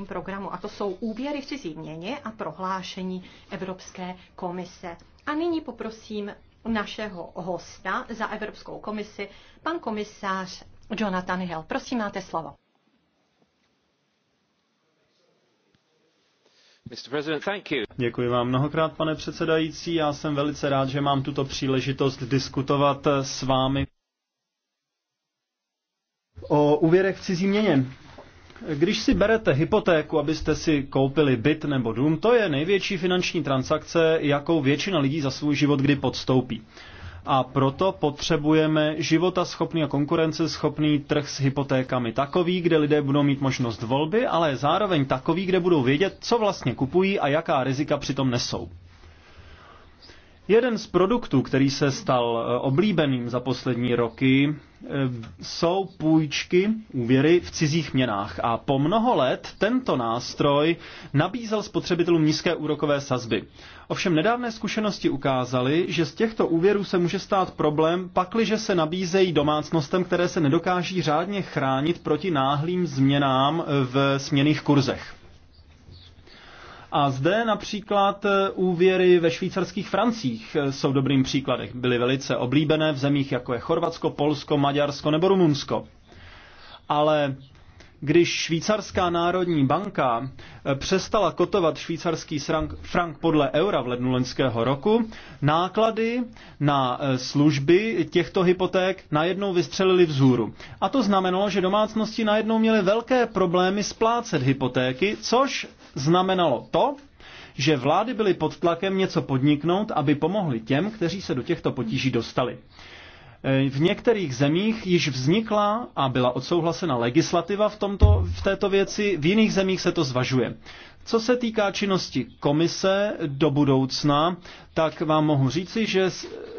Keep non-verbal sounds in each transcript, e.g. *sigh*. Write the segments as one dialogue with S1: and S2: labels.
S1: operačním programu. A to jsou úvěry v cizí měně a prohlášení Evropské komise. A nyní poprosím našeho hosta za Evropskou komisi, pan komisář Jonathan Hill. Prosím, máte slovo.
S2: Děkuji vám mnohokrát, pane předsedající. Já jsem velice rád, že mám tuto příležitost diskutovat s vámi o úvěrech v cizí měně. Když si berete hypotéku, abyste si koupili byt nebo dům, to je největší finanční transakce, jakou většina lidí za svůj život kdy podstoupí. A proto potřebujeme života schopný a konkurenceschopný trh s hypotékami. Takový, kde lidé budou mít možnost volby, ale zároveň takový, kde budou vědět, co vlastně kupují a jaká rizika přitom nesou. Jeden z produktů, který se stal eh, oblíbeným za poslední roky, eh, jsou půjčky, úvěry v cizích měnách. A po mnoho let tento nástroj nabízel spotřebitelům nízké úrokové sazby. Ovšem nedávné zkušenosti ukázaly, že z těchto úvěrů se může stát problém, pakliže se nabízejí domácnostem, které se nedokáží řádně chránit proti náhlým změnám v směných kurzech. A zde například eh, úvěry ve švýcarských francích eh, jsou dobrým příkladem. Byly velice oblíbené v zemích jako je Chorvatsko, Polsko, Maďarsko nebo Rumunsko. Ale když švýcarská národní banka eh, přestala kotovat švýcarský frank podle eura v lednu loňského roku, náklady na služby těchto hypoték najednou vystřelily vzhůru. A to znamenalo, že domácnosti najednou měly velké problémy splácet hypotéky, což znamenalo to, že vlády byly pod tlakem něco podniknout, aby pomohly těm, kteří se do těchto potíží dostali. E, v některých zemích již vznikla a byla odsouhlasena legislativa v, tomto, v této věci, v jiných zemích se to zvažuje. Co se týká činnosti komise do budoucna, tak vám mohu říci, že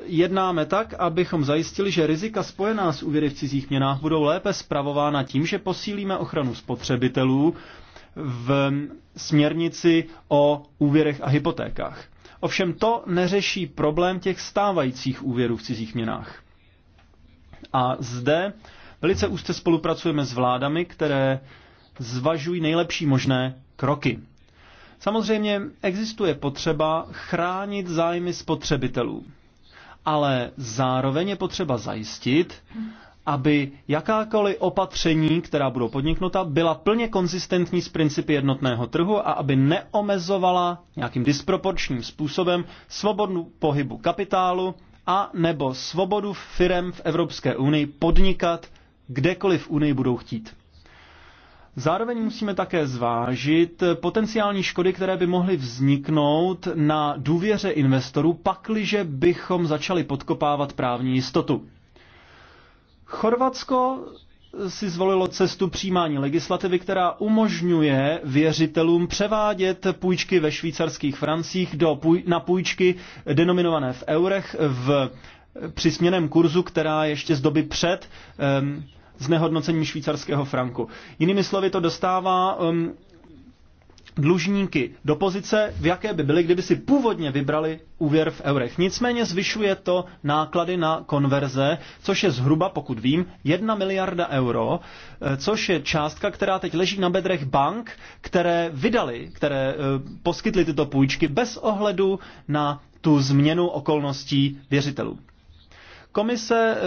S2: jednáme tak, abychom zajistili, že rizika spojená s úvěry v cizích měnách budou lépe spravována tím, že posílíme ochranu spotřebitelů, v směrnici o úvěrech a hypotékách. Ovšem to neřeší problém těch stávajících úvěrů v cizích měnách. A zde velice úzce spolupracujeme s vládami, které zvažují nejlepší možné kroky. Samozřejmě existuje potřeba chránit zájmy spotřebitelů, ale zároveň je potřeba zajistit, aby jakákoliv opatření, která budou podniknuta, byla plně konzistentní s principy jednotného trhu a aby neomezovala nějakým disproporčním způsobem svobodu pohybu kapitálu a nebo svobodu firem v Evropské unii podnikat kdekoliv v unii budou chtít. Zároveň musíme také zvážit potenciální škody, které by mohly vzniknout na důvěře investorů, pakliže bychom začali podkopávat právní jistotu. Chorvatsko si zvolilo cestu přijímání legislativy, která umožňuje věřitelům převádět půjčky ve švýcarských francích do, na půjčky denominované v eurech v přisměném kurzu, která ještě z doby před um, znehodnocením švýcarského franku. Jinými slovy to dostává um, dlužníky do pozice, v jaké by byly, kdyby si původně vybrali úvěr v eurech. Nicméně zvyšuje to náklady na konverze, což je zhruba, pokud vím, jedna miliarda euro, eh, což je částka, která teď leží na bedrech bank, které vydali, které eh, poskytly tyto půjčky bez ohledu na tu změnu okolností věřitelů. Komise eh,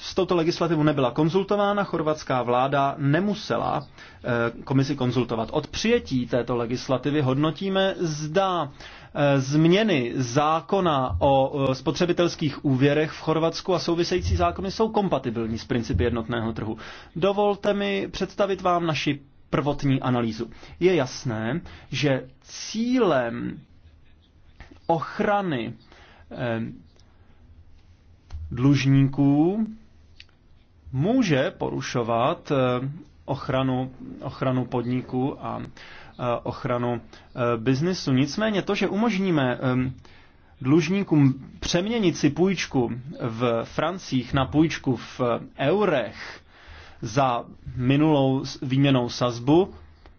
S2: s touto legislativou nebyla konzultována, chorvatská vláda nemusela eh, komisi konzultovat. Od přijetí této legislativy hodnotíme, zda eh, změny zákona o spotřebitelských úvěrech v Chorvatsku a související zákony jsou kompatibilní s principy jednotného trhu. Dovolte mi představit vám naši prvotní analýzu. Je jasné, že cílem ochrany dlužníků může porušovat eh, ochranu, ochranu podniku a eh, ochranu eh, biznesu. Nicméně to, že umožníme ehm, dlužníkům přeměnit si půjčku v francích na půjčku v eurech za minulou výměnou sazbu,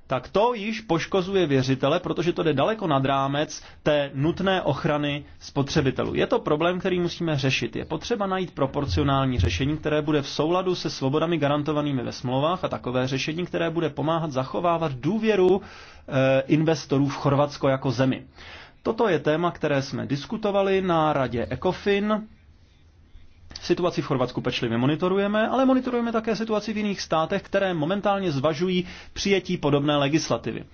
S2: tak to již poškozuje věřitele, protože to jde daleko nad rámec té nutné ochrany spotřebitelů. Je to problém, který musíme řešit. Je potřeba najít proporcionální řešení, které bude v souladu se svobodami garantovanými ve smlouvách a takové řešení, které bude pomáhat zachovávat důvěru e, investorů v Chorvatsko jako zemi. Toto je téma, které jsme diskutovali na radě ECOFIN Situaci v Chorvatsku pečlivě monitorujeme, ale monitorujeme také situaci v jiných státech, které momentálně zvažují přijetí podobné legislativy. E,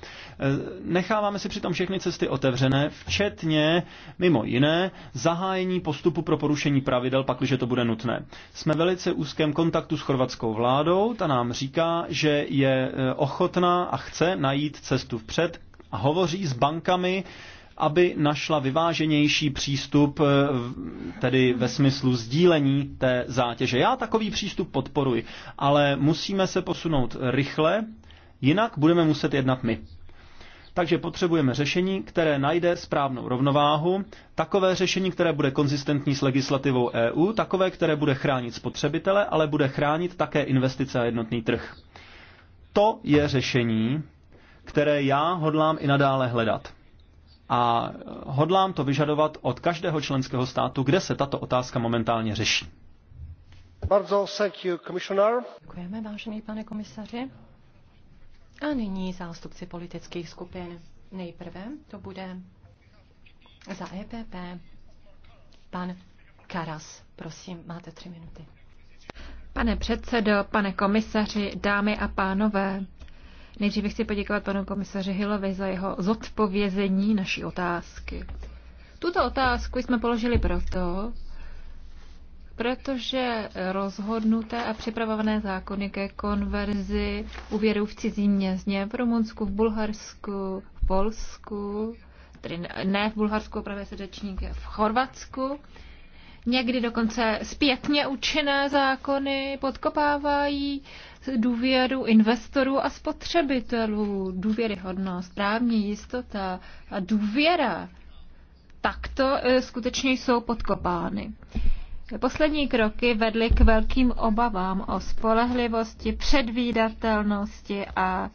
S2: necháváme si přitom všechny cesty otevřené, včetně, mimo jiné, zahájení postupu pro porušení pravidel, pakliže to bude nutné. Jsme velice úzkém kontaktu s chorvatskou vládou, ta nám říká, že je e, ochotná a chce najít cestu vpřed a hovoří s bankami, aby našla vyváženější přístup, eh, tedy ve smyslu sdílení té zátěže. Já takový přístup podporuji, ale musíme se posunout rychle, jinak budeme muset jednat my. Takže potřebujeme řešení, které najde správnou rovnováhu, takové řešení, které bude konzistentní s legislativou EU, takové, které bude chránit spotřebitele, ale bude chránit také investice a jednotný trh. To je řešení, které já hodlám i nadále hledat a hodlám to vyžadovat od každého členského státu, kde se tato otázka momentálně řeší.
S3: Bardzo, thank you,
S1: Děkujeme, vážený pane komisaři. A nyní zástupci politických skupin. Nejprve to bude za EPP pan Karas. Prosím, máte tři minuty.
S4: Pane předsedo, pane komisaři, dámy a pánové, Nejdříve chci poděkovat panu komisaři Hillovi za jeho zodpovězení naší otázky. Tuto otázku jsme položili proto, protože rozhodnuté a připravované zákony ke konverzi úvěrů v cizí mězně v Rumunsku, v Bulharsku, v Polsku, tedy ne v Bulharsku, opravdu se řečníky, v Chorvatsku, někdy dokonce zpětně účinné zákony podkopávají důvěru investorů a spotřebitelů, důvěryhodnost, právní jistota a důvěra, takto e, skutečně jsou podkopány. Poslední kroky vedly k velkým obavám o spolehlivosti, předvídatelnosti a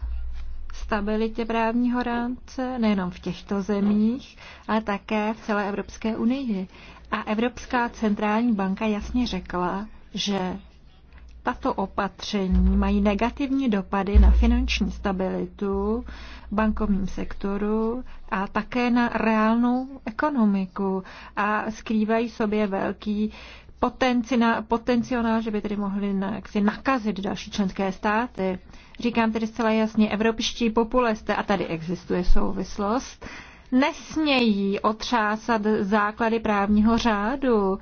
S4: stabilitě právního rámce nejenom v těchto zemích, ale také v celé Evropské unii. A Evropská centrální banka jasně řekla, že tato opatření mají negativní dopady na finanční stabilitu v bankovním sektoru a také na reálnou ekonomiku a skrývají sobě velký potenciál, že by tedy mohli jaksi nakazit další členské státy. Říkám tedy zcela jasně, evropští populisté, a tady existuje souvislost, nesmějí otřásat základy právního řádu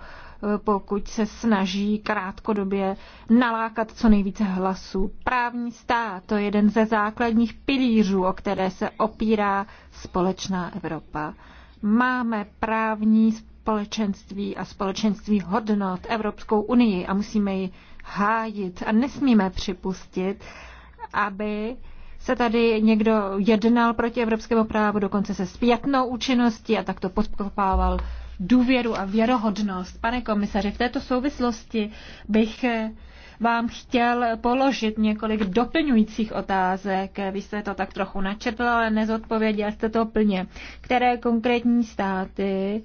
S4: pokud se snaží krátkodobě nalákat co nejvíce hlasů. Právní stát to je jeden ze základních pilířů, o které se opírá společná Evropa. Máme právní společenství a společenství hodnot Evropskou unii a musíme ji hájit a nesmíme připustit, aby se tady někdo jednal proti evropskému právu, dokonce se zpětnou účinností a tak to podkopával důvěru a věrohodnost. Pane komisaři, v této souvislosti bych vám chtěl položit několik doplňujících otázek. Vy jste to tak trochu načetl, ale nezodpověděl jste to plně. Které konkrétní státy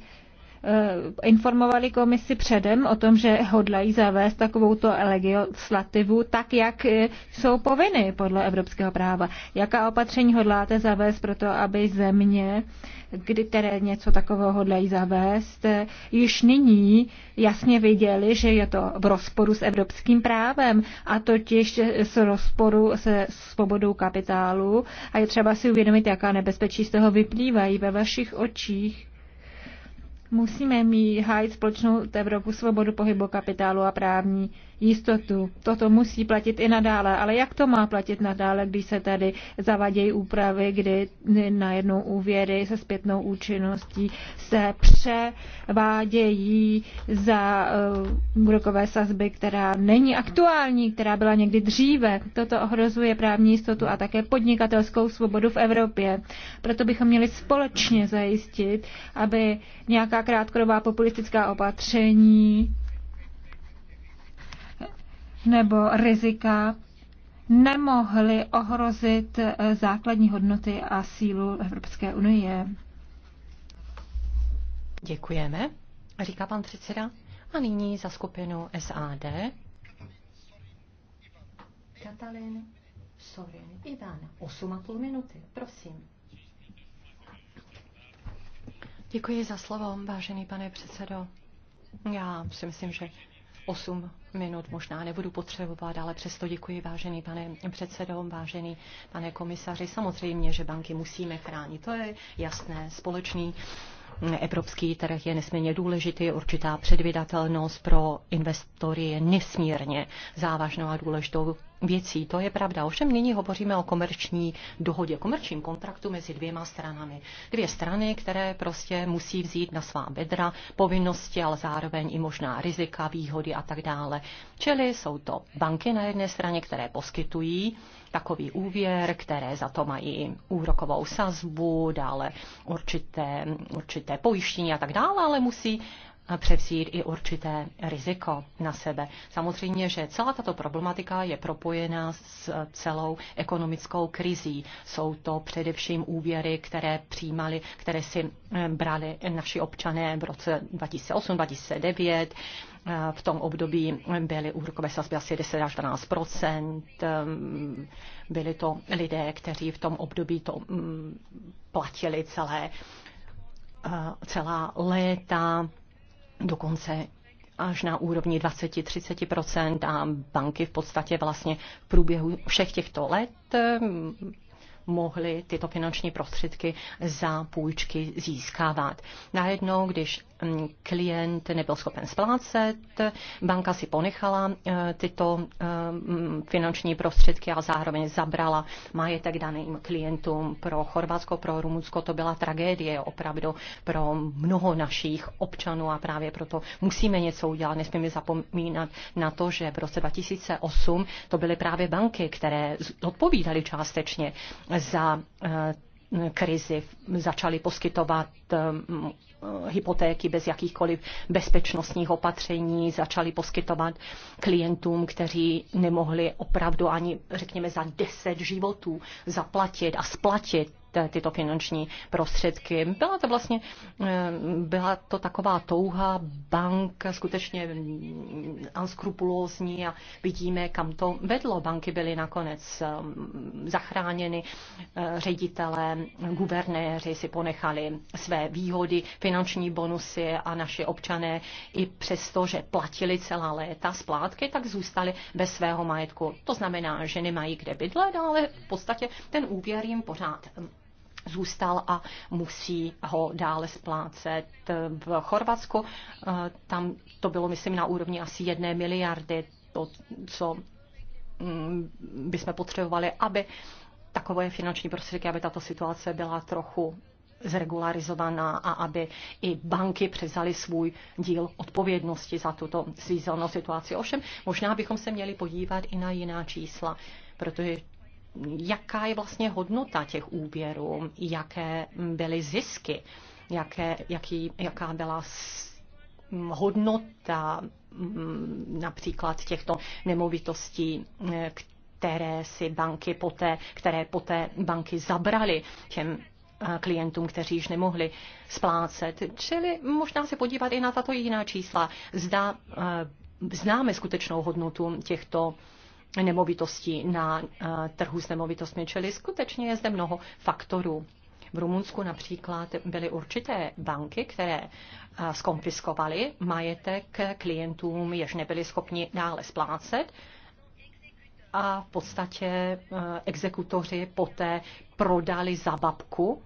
S4: eh, informovali komisi předem o tom, že hodlají zavést takovouto legislativu tak, jak eh, jsou povinny podle evropského práva. Jaká opatření hodláte zavést pro to, aby země uh, kdy které něco takového dají zavést, již nyní jasně viděli, že je to v rozporu s evropským právem a totiž s rozporu se svobodou kapitálu a je třeba si uvědomit, jaká nebezpečí z toho vyplývají ve vašich očích Musíme mít hájit společnou Evropu svobodu pohybu kapitálu a právní jistotu. Toto musí platit i nadále, ale jak to má platit nadále, když se tady zavadějí úpravy, kdy najednou úvěry se zpětnou účinností se převádějí za uh, sazby, která není aktuální, která byla někdy dříve. Toto ohrozuje právní jistotu a také podnikatelskou svobodu v Evropě. Proto bychom měli společně zajistit, aby nějaká krátkodobá populistická opatření nebo rizika nemohly ohrozit eh, základní hodnoty a sílu Evropské unie.
S1: Děkujeme, říká pan předseda. A nyní za skupinu SAD. Katalin Sorin Ivan, 8,5 minuty, prosím. Děkuji za slovo, vážený pane předsedo. Já si myslím, že 8 minut možná nebudu potřebovat, ale přesto děkuji, vážený pane předsedo, vážený pane komisaři. Samozřejmě, že banky musíme chránit, to je jasné, společný evropský trh je nesmírně důležitý, určitá předvydatelnost pro investory je nesmírně závažnou a důležitou věcí, to je pravda. Ovšem nyní hovoříme o komerční dohodě, komerčním kontraktu mezi dvěma stranami. Dvě strany, které prostě musí vzít na svá bedra povinnosti, ale zároveň i možná rizika, výhody a tak dále. Čili jsou to banky na jedné straně, které poskytují takový úvěr, které za to mají úrokovou sazbu, dále určité, určité pojištění a tak dále, ale musí převzít i určité riziko na sebe. Samozřejmě, že celá tato problematika je propojená s celou ekonomickou krizí. Jsou to především úvěry, které přijímali, které si eh, brali naši občané v roce 2008-2009. Eh, v tom období byly úrokové sazby asi 10 až 12 eh, Byli to lidé, kteří v tom období to mm, platili celé, celá léta dokonce až na úrovni 20-30 a banky v podstatě vlastně v průběhu všech těchto let mm, mohly tyto finanční prostředky za půjčky získávat. Najednou, když Mm, klient nebyl schopen splácet, banka si ponechala e, tyto e, mm, finanční prostředky a zároveň zabrala majetek daným klientům. Pro Chorvatsko, pro Rumunsko to byla tragédie opravdu pro mnoho našich občanů a právě proto musíme něco udělat. Nesmíme zapomínat na to, že v roce 2008 to byly právě banky, které odpovídaly částečně za e, krizi začali poskytovat um, hypotéky bez jakýchkoliv bezpečnostních opatření, začali poskytovat klientům, kteří nemohli opravdu ani, řekněme, za deset životů zaplatit a splatit Eh, tyto finanční prostředky. Byla to vlastně, eh, byla to taková touha bank, skutečně anskrupulózní mm, a vidíme, kam to vedlo. Banky byly nakonec eh, zachráněny, ředitelé, guvernéři si ponechali své výhody, finanční bonusy a naše občané i přesto, že platili celá léta splátky, tak zůstali bez svého majetku. To znamená, že nemají kde bydlet, ale v podstatě ten úvěr jim pořád zůstal a musí ho dále splácet. V Chorvatsku eh, tam to bylo, myslím, na úrovni asi jedné miliardy, to, co mm, bychom potřebovali, aby takové finanční prostředky, aby tato situace byla trochu zregularizovaná a aby i banky převzaly svůj díl odpovědnosti za tuto svízelnou situaci. Ovšem, možná bychom se měli podívat i na jiná čísla, protože jaká je vlastně hodnota těch úběrů, jaké byly zisky, jaké, jaký, jaká byla hodnota například těchto nemovitostí, které si banky poté, které poté banky zabrali, těm e, klientům, kteří již nemohli splácet. Čili možná se podívat i na tato jiná čísla. Zda e, známe skutečnou hodnotu těchto nemovitostí na eh, trhu s nemovitostmi, čili skutečně je zde mnoho faktorů. V Rumunsku například byly určité banky, které skonfiskovaly eh, majetek klientům, jež nebyli schopni dále splácet a v podstatě eh, exekutoři poté prodali za babku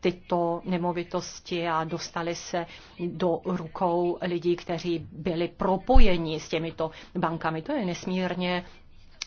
S1: tyto nemovitosti a dostali se do rukou lidí, kteří byli propojeni s těmito bankami. To je nesmírně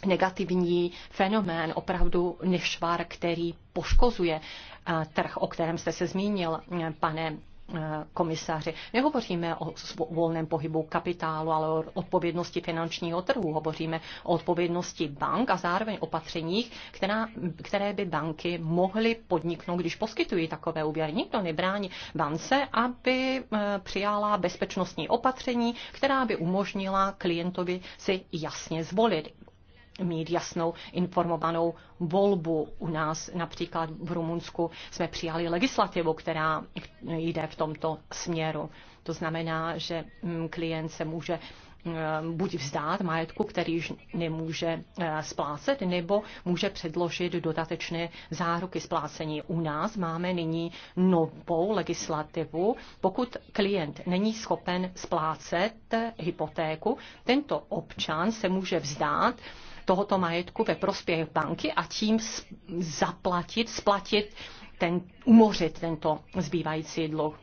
S1: negativní fenomén, opravdu nešvar, který poškozuje eh, trh, o kterém jste se zmínil, eh, pane eh, komisaři. Nehovoříme o volném pohybu kapitálu, ale o odpovědnosti finančního trhu. Hovoříme o odpovědnosti bank a zároveň opatřeních, která, které by banky mohly podniknout, když poskytují takové úvěry. Nikdo nebrání bance, aby přijala bezpečnostní opatření, která by umožnila klientovi si jasně zvolit mít jasnou informovanou volbu. U nás například v Rumunsku jsme přijali legislativu, která jde v tomto směru. To znamená, že mm, klient se může mm, buď vzdát majetku, který již nemůže eh, splácet, nebo může předložit dodatečné záruky splácení. U nás máme nyní novou legislativu. Pokud klient není schopen splácet hypotéku, tento občan se může vzdát tohoto majetku ve prospěch banky a tím zaplatit, splatit, ten, umořit tento zbývající dluh.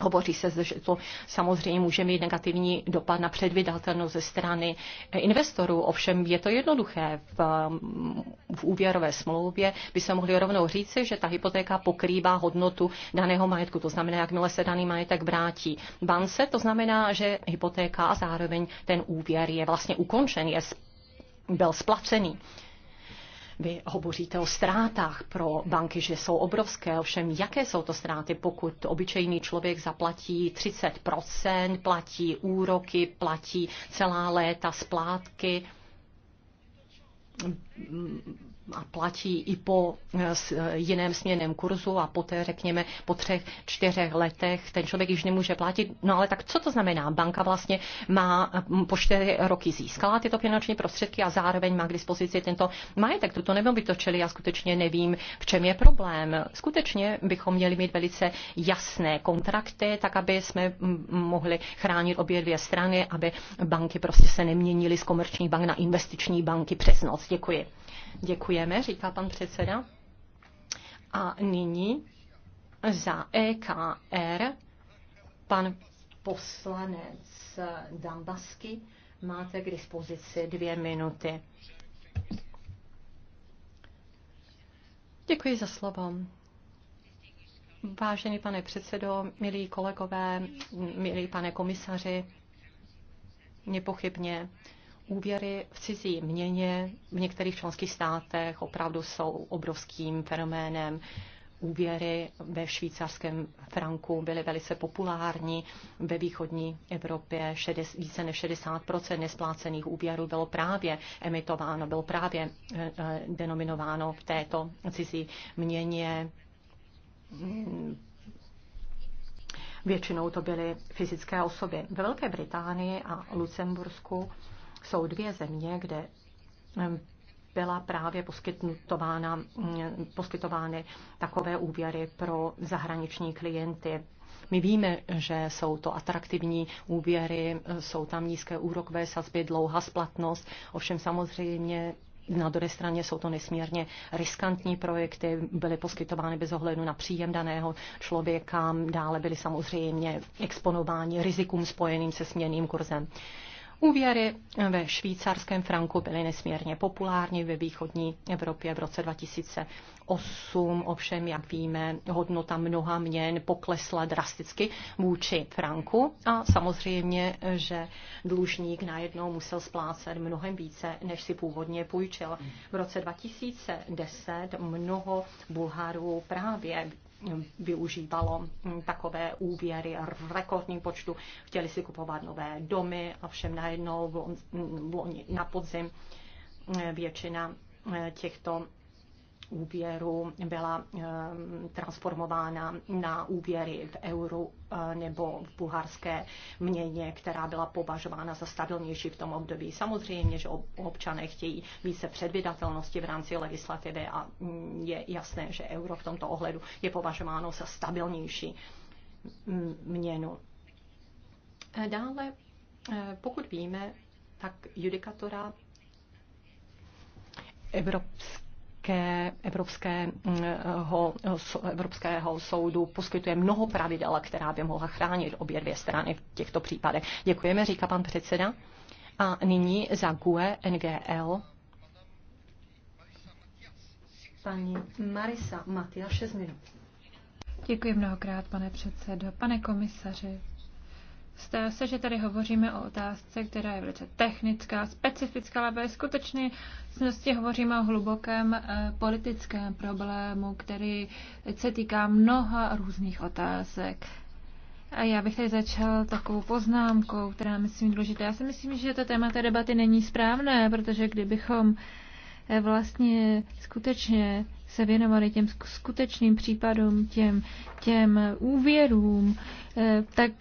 S1: Hovoří se, že to samozřejmě může mít negativní dopad na předvydatelnost ze strany investorů. Ovšem je to jednoduché. V, v úvěrové smlouvě by se mohli rovnou říci, že ta hypotéka pokrývá hodnotu daného majetku. To znamená, jakmile se daný majetek vrátí bance, to znamená, že hypotéka a zároveň ten úvěr je vlastně ukončen, je byl splacený. Vy hovoříte o ztrátách pro banky, že jsou obrovské, ovšem jaké jsou to ztráty, pokud obyčejný člověk zaplatí 30%, platí úroky, platí celá léta splátky, a platí i po eh, eh, jiném směném kurzu a poté, řekněme, po třech, čtyřech letech ten člověk již nemůže platit. No ale tak co to znamená? Banka vlastně má eh, po čtyři roky získala tyto finanční prostředky a zároveň má k dispozici tento majetek, tuto nemovitost, čili já skutečně nevím, v čem je problém. Skutečně bychom měli mít velice jasné kontrakty, tak aby jsme mm, mm, mohli chránit obě dvě strany, aby banky prostě se neměnily z komerčních bank na investiční banky přes noc. Děkuji. Děkujeme, říká pan předseda. A nyní za EKR pan poslanec Dambasky máte k dispozici dvě minuty. Děkuji za slovo. Vážený pane předsedo, milí kolegové, milí pane komisaři, nepochybně úvěry v cizí měně v některých členských státech opravdu jsou obrovským fenoménem. Úvěry ve švýcarském franku byly velice populární ve východní Evropě. 60, více než 60 nesplácených úvěrů bylo právě emitováno, bylo právě eh, eh, denominováno v této cizí měně. Většinou to byly fyzické osoby. Ve Velké Británii a Lucembursku jsou dvě země, kde byla právě poskytována, mm, poskytovány takové úvěry pro zahraniční klienty. My víme, že jsou to atraktivní úvěry, jsou tam nízké úrokové sazby, dlouhá splatnost, ovšem samozřejmě na druhé straně jsou to nesmírně riskantní projekty, byly poskytovány bez ohledu na příjem daného člověka, dále byly samozřejmě exponováni rizikům spojeným se směným kurzem. Úvěry ve švýcarském franku byly nesmírně populární ve východní Evropě v roce 2008. Ovšem, jak víme, hodnota mnoha měn poklesla drasticky vůči franku a samozřejmě, že dlužník najednou musel splácet mnohem více, než si původně půjčil. V roce 2010 mnoho Bulharů právě využívalo mm, takové úvěry v rekordním počtu, chtěli si kupovat nové domy a všem najednou v loni, na podzim eh, většina eh, těchto úvěru byla eh, transformována na úvěry v euru eh, nebo v bulharské měně, která byla považována za stabilnější v tom období. Samozřejmě, že občané chtějí více předvydatelnosti v rámci legislativy a mm, je jasné, že euro v tomto ohledu je považováno za stabilnější mm, měnu. Eh, dále, pokud víme, tak judikatora Evropské ke Evropského, eh, Evropského soudu poskytuje mnoho pravidel, která by mohla chránit obě dvě strany v těchto případech. Děkujeme, říká pan předseda. A nyní za GUE NGL paní Marisa Matia 6
S4: minut. Děkuji mnohokrát, pane předsedo. Pane komisaři, Zdá se, že tady hovoříme o otázce, která je velice technická, specifická, ale ve skutečnosti hovoříme o hlubokém eh, politickém problému, který se týká mnoha různých otázek. A já bych tady začal takovou poznámkou, která myslím důležitá. Já si myslím, že to téma té debaty není správné, protože kdybychom eh, vlastně skutečně se věnovali těm skutečným případům, těm, těm eh, úvěrům, tak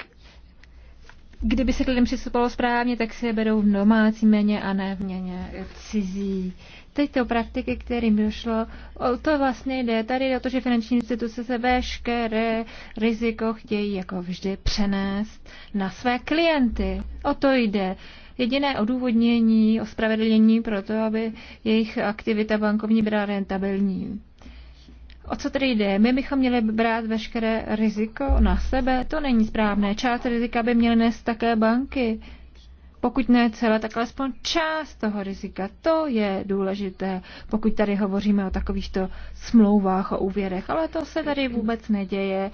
S4: kdyby se k lidem přistupovalo správně, tak si je berou v domácí měně a ne v měně cizí. Teď to praktiky, kterým došlo, o to vlastně jde. Tady o to, že finanční instituce se veškeré riziko chtějí jako vždy přenést na své klienty. O to jde. Jediné odůvodnění, ospravedlnění pro to, aby jejich aktivita bankovní byla rentabilní. O co tedy jde? My bychom měli brát veškeré riziko na sebe. To není správné. Část rizika by měly nést také banky. Pokud ne celé, tak alespoň část toho rizika. To je důležité, pokud tady hovoříme o takovýchto smlouvách, o úvěrech. Ale to se tady vůbec neděje.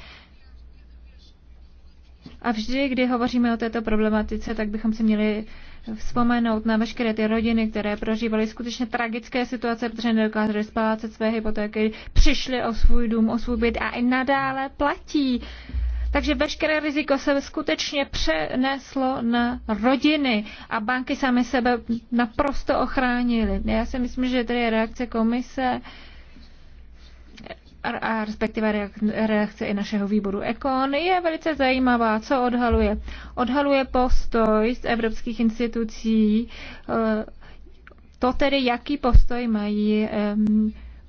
S4: A vždy, kdy hovoříme o této problematice, tak bychom si měli vzpomenout na veškeré ty rodiny, které prožívaly skutečně tragické situace, protože nedokázaly splácet své hypotéky, přišly o svůj dům, o svůj byt a i nadále platí. Takže veškeré riziko se skutečně přeneslo na rodiny a banky sami sebe naprosto ochránily. Já si myslím, že tady je reakce komise a respektive reakce i našeho výboru Ekon je velice zajímavá. Co odhaluje? Odhaluje postoj z evropských institucí, eh, to tedy, jaký postoj mají eh,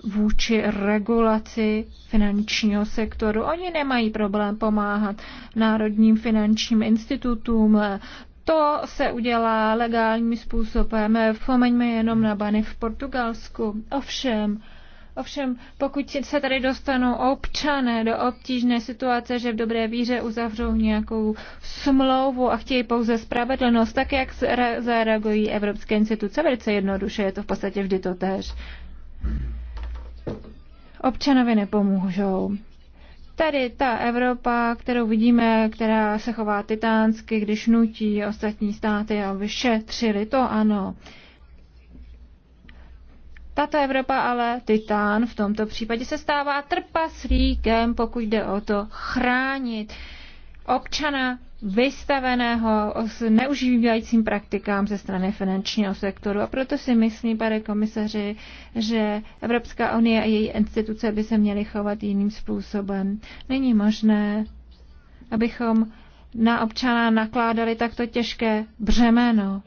S4: vůči regulaci finančního sektoru. Oni nemají problém pomáhat národním finančním institutům, to se udělá legálním způsobem. Vzpomeňme jenom na bany v Portugalsku. Ovšem, Ovšem, pokud se tady dostanou občané do obtížné situace, že v dobré víře uzavřou nějakou smlouvu a chtějí pouze spravedlnost, tak jak zareagují evropské instituce, velice jednoduše, je to v podstatě vždy to tež. Občanovi nepomůžou. Tady ta Evropa, kterou vidíme, která se chová titánsky, když nutí ostatní státy, aby šetřili, to ano. Tato Evropa ale, titán v tomto případě, se stává trpaslíkem, pokud jde o to chránit občana vystaveného s neužívajícím praktikám ze strany finančního sektoru. A proto si myslím, pane komisaři, že Evropská unie a její instituce by se měly chovat jiným způsobem. Není možné, abychom na občana nakládali takto těžké břemeno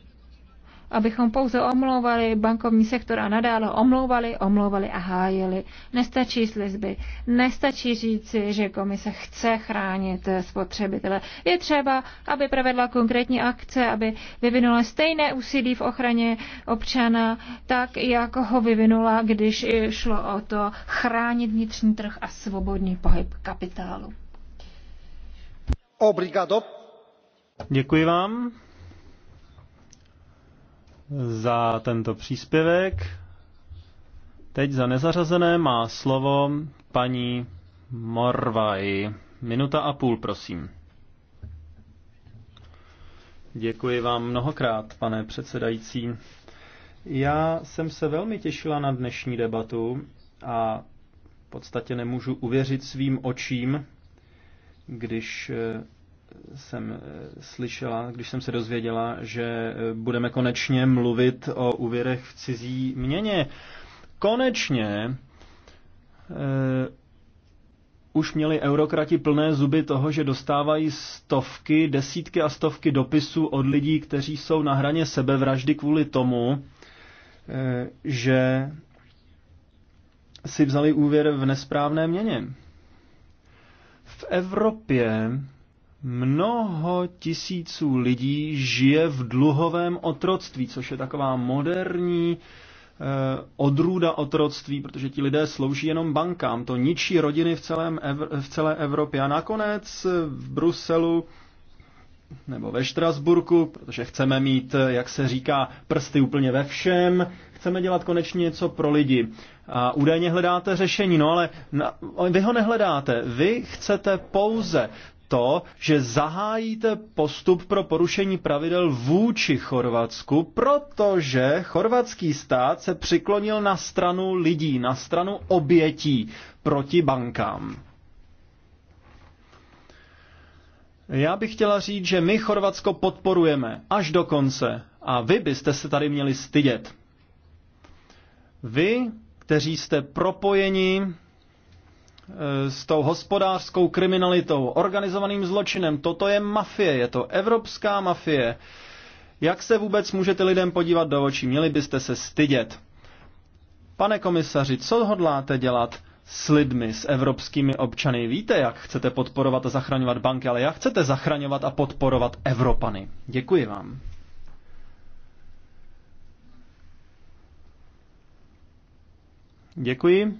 S4: abychom pouze omlouvali bankovní sektor a nadále omlouvali, omlouvali a hájili. Nestačí slizby, nestačí říci, že komise chce chránit spotřebitele. Je třeba, aby provedla konkrétní akce, aby vyvinula stejné úsilí v ochraně občana, tak jak ho vyvinula, když šlo o to chránit vnitřní trh a svobodný pohyb kapitálu.
S2: Obrigado. Děkuji vám za tento příspěvek. Teď za nezařazené má slovo paní Morvaj. Minuta a půl, prosím. Děkuji vám mnohokrát, pane předsedající. Já jsem se velmi těšila na dnešní debatu a v podstatě nemůžu uvěřit svým očím, když eh, jsem eh, slyšela, když jsem se dozvěděla, že eh, budeme konečně mluvit o úvěrech v cizí měně. Konečně eh, už měli eurokrati plné zuby toho, že dostávají stovky, desítky a stovky dopisů od lidí, kteří jsou na hraně sebevraždy kvůli tomu, že si vzali úvěr v nesprávné měně. V Evropě mnoho tisíců lidí žije v dluhovém otroctví, což je taková moderní eh, odrůda otroctví, protože ti lidé slouží jenom bankám. To ničí rodiny v, celém Ev- v celé Evropě. A nakonec eh, v Bruselu nebo ve Štrasburku, protože chceme mít, eh, jak se říká, prsty úplně ve všem, chceme dělat konečně něco pro lidi. A údajně hledáte řešení, no ale na, vy ho nehledáte. Vy chcete pouze to, že zahájíte postup pro porušení pravidel vůči Chorvatsku, protože chorvatský stát se přiklonil na stranu lidí, na stranu obětí proti bankám. Já bych chtěla říct, že my Chorvatsko podporujeme až do konce a vy byste se tady měli stydět. Vy, kteří jste propojeni Eh, s tou hospodářskou kriminalitou, organizovaným zločinem. Toto je mafie, je to evropská mafie. Jak se vůbec můžete lidem podívat do očí? Měli byste se stydět. Pane komisaři, co hodláte dělat s lidmi, s evropskými občany? Víte, jak chcete podporovat a zachraňovat banky, ale jak chcete zachraňovat a podporovat Evropany? Děkuji vám. Děkuji.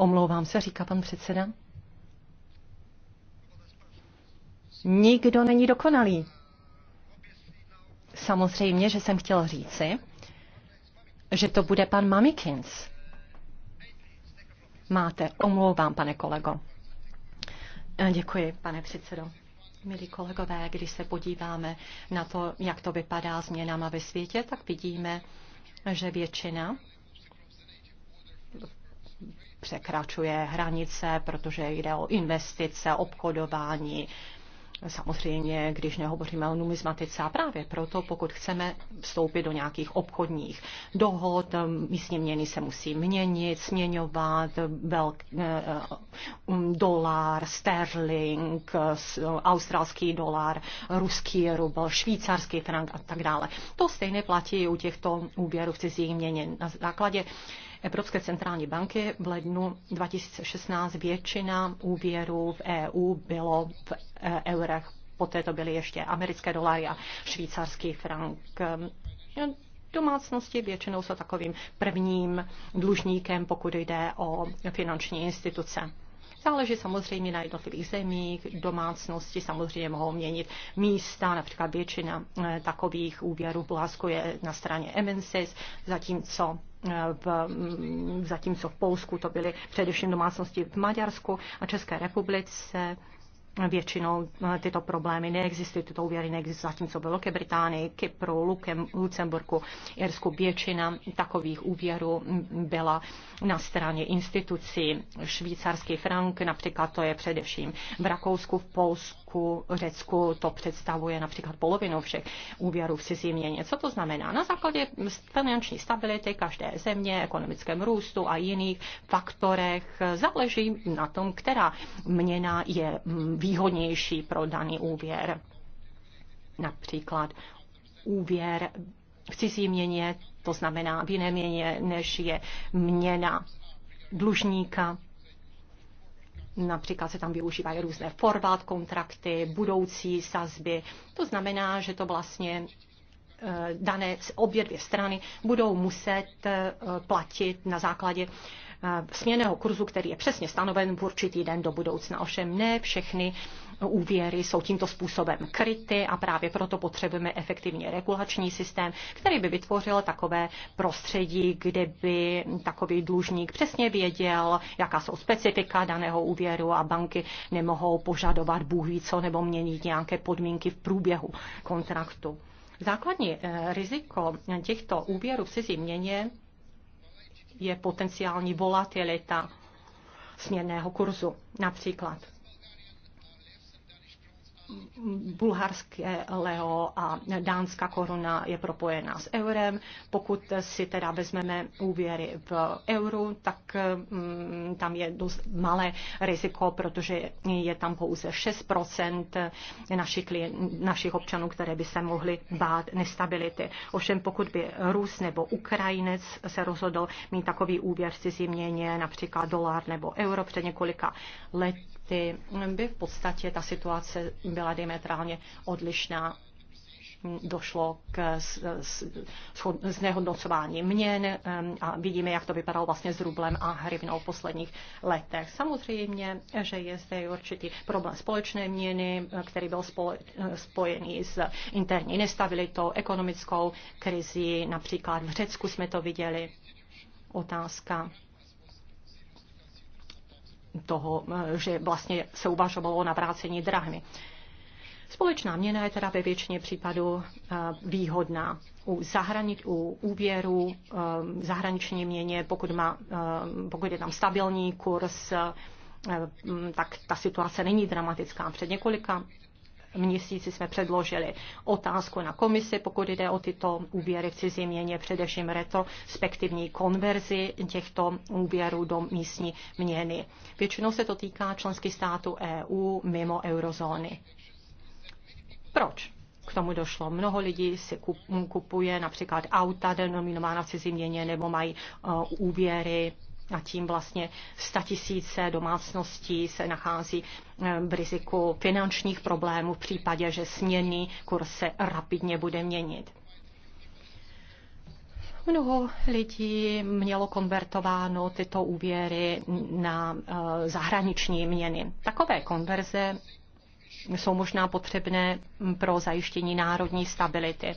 S1: Omlouvám se, říká pan předseda. Nikdo není dokonalý. Samozřejmě, že jsem chtěl říci, že to bude pan Mamikins. Máte, omlouvám, pane kolego. Eh, děkuji, pane předsedo. Milí kolegové, když se podíváme na to, jak to vypadá změnama ve světě, tak vidíme, že většina překračuje hranice, protože jde o investice, obchodování, Samozřejmě, když nehovoříme o numizmatice a právě proto, pokud chceme vstoupit do nějakých obchodních dohod, místní měny se musí měnit, směňovat, velk, e, e, um, dolar, sterling, australský dolar, ruský rubl, švýcarský frank a tak dále. To stejně platí u těchto úvěrů v cizí měně. Na základě Evropské centrální banky v lednu 2016 většina úvěrů v EU bylo v e, eurech, poté to byly ještě americké dolary a švýcarský frank e, domácnosti většinou jsou takovým prvním dlužníkem, pokud jde o finanční instituce. Záleží samozřejmě na jednotlivých zemích, domácnosti samozřejmě mohou měnit místa, například většina e, takových úvěrů v Bulharsku je na straně MNSIS, zatímco v, mm, zatímco v Polsku to byly především domácnosti v Maďarsku a České republice většinou eh, tyto problémy neexistují, tyto úvěry neexistují, zatímco ve Velké Británii, Kypru, Lukem, Lucemburku, Irsku většina takových úvěrů byla na straně institucí. Švýcarský frank například to je především v Rakousku, v Polsku, Řecku, Řecku to představuje například polovinu všech úvěrů v cizí měně. Co to znamená? Na základě finanční stability každé země, ekonomickém růstu a jiných faktorech záleží na tom, která měna je výhodnější pro daný úvěr. Například úvěr v cizí měně, to znamená v jiné měně, než je měna dlužníka. Například se tam využívají různé forward kontrakty, budoucí sazby. To znamená, že to vlastně eh, dané obě dvě strany budou muset eh, platit na základě Eh, směného kurzu, který je přesně stanoven v určitý den do budoucna. Ovšem ne všechny úvěry jsou tímto způsobem kryty a právě proto potřebujeme efektivní regulační systém, který by vytvořil takové prostředí, kde by takový dlužník přesně věděl, jaká jsou specifika daného úvěru a banky nemohou požadovat Bůh ví co nebo měnit nějaké podmínky v průběhu kontraktu. Základní eh, riziko těchto úvěrů v cizí měně je potenciální volatilita směrného kurzu například bulharské leo a dánská koruna je propojená s eurem. Pokud si teda vezmeme úvěry v euru, tak mm, tam je dost malé riziko, protože je tam pouze 6% našich, klient, našich občanů, které by se mohly bát nestability. Ovšem pokud by Rus nebo Ukrajinec se rozhodl mít takový úvěr si cizí měně, například dolar nebo euro před několika lety, státy by v podstatě ta situace byla diametrálně odlišná došlo k znehodnocování měn a vidíme, jak to vypadalo vlastně s rublem a hrivnou v posledních letech. Samozřejmě, že je zde určitý problém společné měny, který byl spojený s interní nestabilitou, ekonomickou krizi, Například v Řecku jsme to viděli. Otázka toho, eh, že vlastně se uvažovalo o navrácení drahmy. Společná měna je teda ve většině případů eh, výhodná. U, zahranič, u úvěru eh, zahraniční měně, pokud, má, pokud je tam stabilní kurz, mm, tak ta situace není dramatická. Před několika měsíci jsme předložili otázku na komisi, pokud jde o tyto úvěry v cizí měně, především retrospektivní konverzi těchto úvěrů do místní měny. Většinou se to týká členských států EU mimo eurozóny. Proč? k tomu došlo. Mnoho lidí si kupuje například auta denominována v cizí měně nebo mají uh, úvěry a tím vlastně statisíce domácností se nachází eh, v riziku finančních problémů v případě, že směný kurz se rapidně bude měnit. Mnoho lidí mělo konvertováno tyto úvěry na eh, zahraniční měny. Takové konverze jsou možná potřebné pro zajištění národní stability.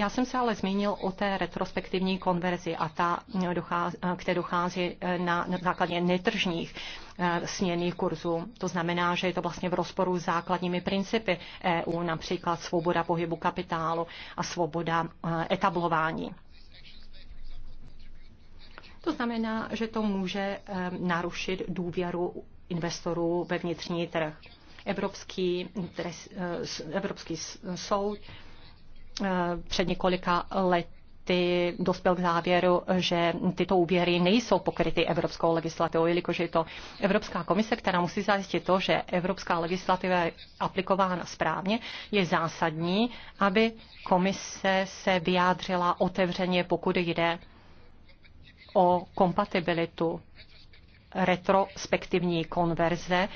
S1: Já jsem se ale zmínil o té retrospektivní konverzi a ta, která eh, které dochází eh, eh, na, základě netržních směrných kurzů. To znamená, že je to vlastně v rozporu s základními principy EU, například svoboda pohybu kapitálu a svoboda etablování. To znamená, že to může narušit důvěru investorů ve vnitřní trh. Evropský, Evropský soud Eh, před několika lety dospěl k závěru, že tyto úvěry nejsou pokryty evropskou legislativou, jelikož je to Evropská komise, která musí zajistit to, že evropská legislativa je aplikována správně, je zásadní, aby komise se vyjádřila otevřeně, pokud jde o kompatibilitu retrospektivní konverze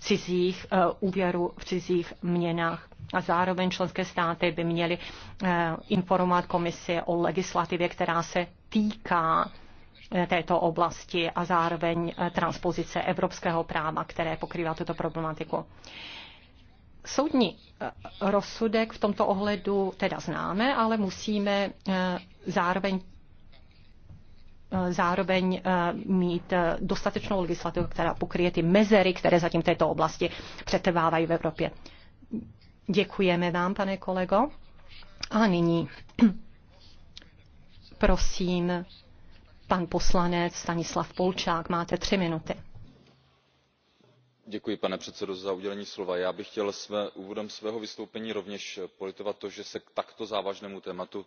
S1: cizích eh, úvěrů v cizích měnách. A zároveň členské státy by měly eh, informovat komisi o legislativě, která se týká eh, této oblasti a zároveň transpozice evropského práva, které pokrývá tuto problematiku. Soudní rozsudek v tomto ohledu teda známe, ale musíme zároveň Eh, zároveň eh, mít eh, dostatečnou legislativu, která pokryje ty mezery, které zatím v této oblasti přetrvávají v Evropě. Děkujeme vám, pane kolego. A nyní *clears throat* prosím pan poslanec Stanislav Polčák. Máte tři minuty.
S3: Děkuji, pane za slova. já bych chtěl své úvodem svého vystoupení rovněž politovat to že se k takto závažnému tématu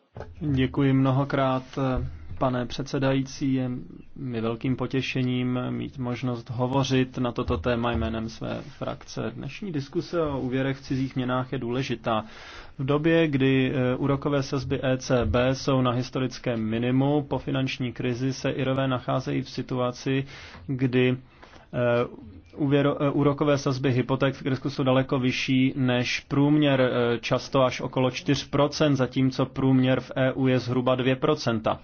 S2: Děkuji mnohokrát, pane předsedající. Je mi velkým potěšením mít možnost hovořit na toto téma jménem své frakce. Dnešní diskuse o úvěrech v cizích měnách je důležitá. V době, kdy eh, úrokové sazby ECB jsou na historickém minimu, po finanční krizi se Irové nacházejí v situaci, kdy Eh, eh, úrokové sazby hypoték v Grecku jsou daleko vyšší než průměr, eh, často až okolo 4%, zatímco průměr v EU je zhruba 2%.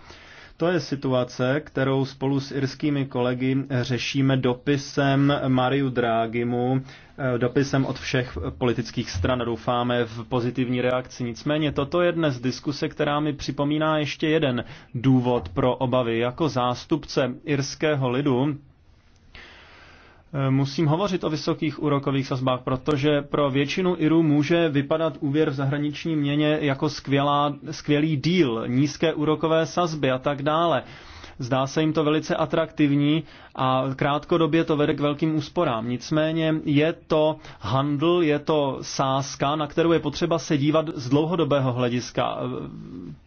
S2: To je situace, kterou spolu s irskými kolegy řešíme dopisem Mariu Drágimu, dopisem od všech politických stran. Doufáme v pozitivní reakci. Nicméně toto je dnes diskuse, která mi připomíná ještě jeden důvod pro obavy. Jako zástupce irského lidu Musím hovořit o vysokých úrokových sazbách, protože pro většinu Irů může vypadat úvěr v zahraniční měně jako skvělá, skvělý díl, nízké úrokové sazby a tak dále. Zdá se jim to velice atraktivní a krátkodobě to vede k velkým úsporám. Nicméně je to handl, je to sázka, na kterou je potřeba se dívat z dlouhodobého hlediska.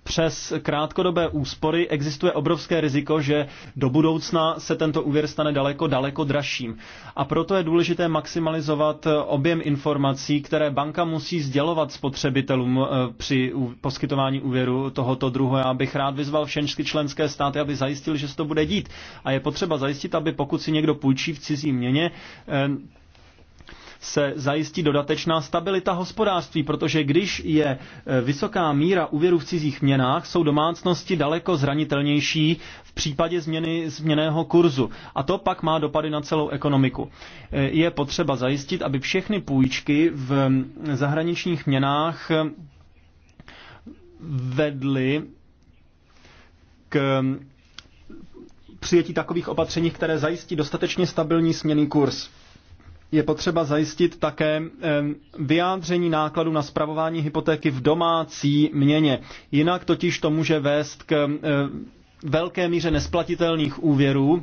S2: Přes krátkodobé úspory existuje obrovské riziko, že do budoucna se tento úvěr stane daleko, daleko dražším. A proto je důležité maximalizovat objem informací, které banka musí sdělovat spotřebitelům eh, při poskytování úvěru tohoto druhu. Já bych rád vyzval všechny členské státy, aby zajistili zajistil, že se to bude dít. A je potřeba zajistit, aby pokud si někdo půjčí v cizí měně, eh, se zajistí dodatečná stabilita hospodářství, protože když je eh, vysoká míra úvěru v cizích měnách, jsou domácnosti daleko zranitelnější v případě změny změného kurzu. A to pak má dopady na celou ekonomiku. Eh, je potřeba zajistit, aby všechny půjčky v zahraničních měnách vedly k přijetí takových opatření, které zajistí dostatečně stabilní směný kurz. Je potřeba zajistit také vyjádření nákladu na spravování hypotéky v domácí měně. Jinak totiž to může vést k velké míře nesplatitelných úvěrů,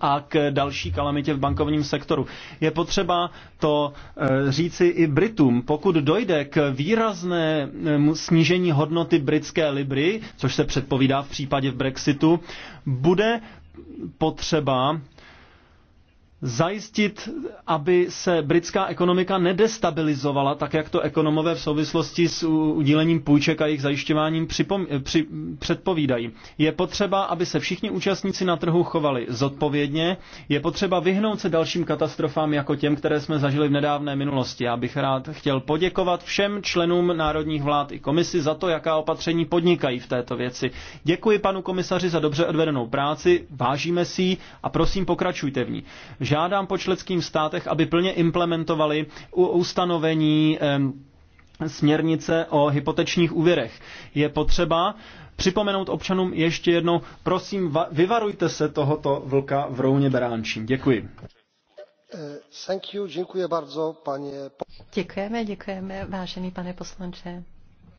S2: a k další kalamitě v bankovním sektoru. Je potřeba to eh, říci i Britům. Pokud dojde k výraznému snížení hodnoty britské libry, což se předpovídá v případě v Brexitu, bude potřeba zajistit, aby se britská ekonomika nedestabilizovala, tak jak to ekonomové v souvislosti s udílením půjček a jejich zajišťováním připom, eh, při, předpovídají. Je potřeba, aby se všichni účastníci na trhu chovali zodpovědně, je potřeba vyhnout se dalším katastrofám jako těm, které jsme zažili v nedávné minulosti. Já bych rád chtěl poděkovat všem členům národních vlád i komisi za to, jaká opatření podnikají v této věci. Děkuji panu komisaři za dobře odvedenou práci, vážíme si ji a prosím pokračujte v ní Žádám po členských státech, aby plně implementovali ustanovení směrnice o hypotečních úvěrech. Je potřeba připomenout občanům ještě jednou, prosím, vyvarujte se tohoto vlka v rouně beránčím. Děkuji.
S3: Eh, thank you, děkuji bardzo, panie...
S1: Děkujeme, děkujeme, vážený pane poslanče.